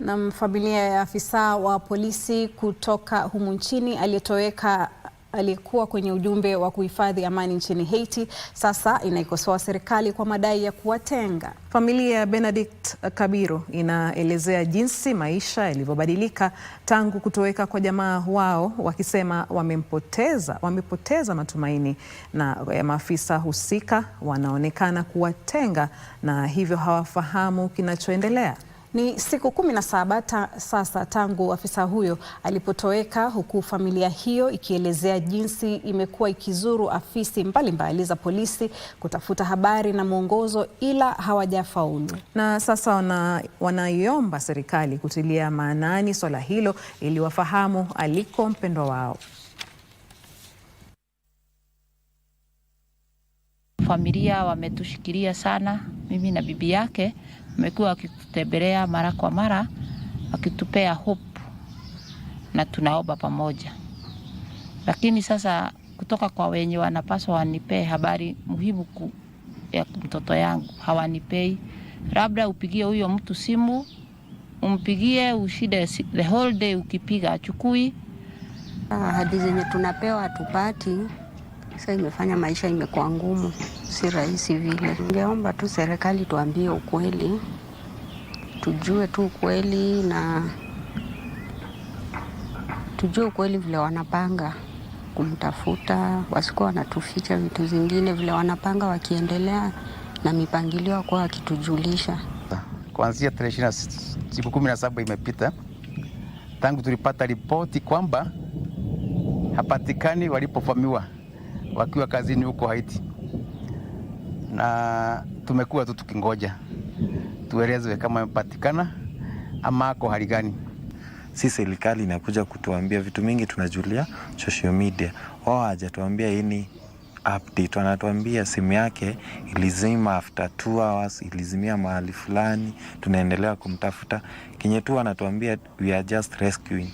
Na familia ya afisa wa polisi kutoka humu nchini aliyetoweka aliyekuwa kwenye ujumbe wa kuhifadhi amani nchini Haiti sasa inaikosoa serikali kwa madai ya kuwatenga. Familia ya Benedict Kabiro inaelezea jinsi maisha yalivyobadilika tangu kutoweka kwa jamaa wao, wakisema wamempoteza, wamepoteza matumaini na ya maafisa husika wanaonekana kuwatenga na hivyo hawafahamu kinachoendelea. Ni siku kumi na saba ta, sasa tangu afisa huyo alipotoweka huku familia hiyo ikielezea jinsi imekuwa ikizuru afisi mbalimbali mbali za polisi kutafuta habari na mwongozo ila hawajafaulu. Na sasa wana, wanaiomba serikali kutilia maanani swala hilo ili wafahamu aliko mpendwa wao. Familia wametushikilia sana, mimi na bibi yake wamekuwa wakitutembelea mara kwa mara wakitupea hope na tunaomba pamoja, lakini sasa kutoka kwa wenye wanapaswa wanipee habari muhimu ku, ya mtoto yangu hawanipei. Labda upigie huyo mtu simu, umpigie ushide the whole day, ukipiga achukui. Ahadi ah, zenye tunapewa hatupati sasa imefanya maisha imekuwa ngumu, si rahisi vile. Ningeomba tu serikali tuambie ukweli, tujue tu ukweli na tujue ukweli vile wanapanga kumtafuta, wasikuwa wanatuficha vitu zingine, vile wanapanga wakiendelea na mipangilio wakuwa wakitujulisha. Kuanzia tarehe siku kumi na saba imepita tangu tulipata ripoti kwamba hapatikani walipofamiwa wakiwa kazini huko Haiti, na tumekuwa tu tukingoja tuelezwe kama amepatikana ama ako hali gani. Si serikali inakuja kutuambia vitu mingi, tunajulia social media. Wao hajatuambia ini update, wanatuambia simu yake ilizima after two hours, ilizimia mahali fulani, tunaendelea kumtafuta. Kenye tu wanatuambia we are just rescuing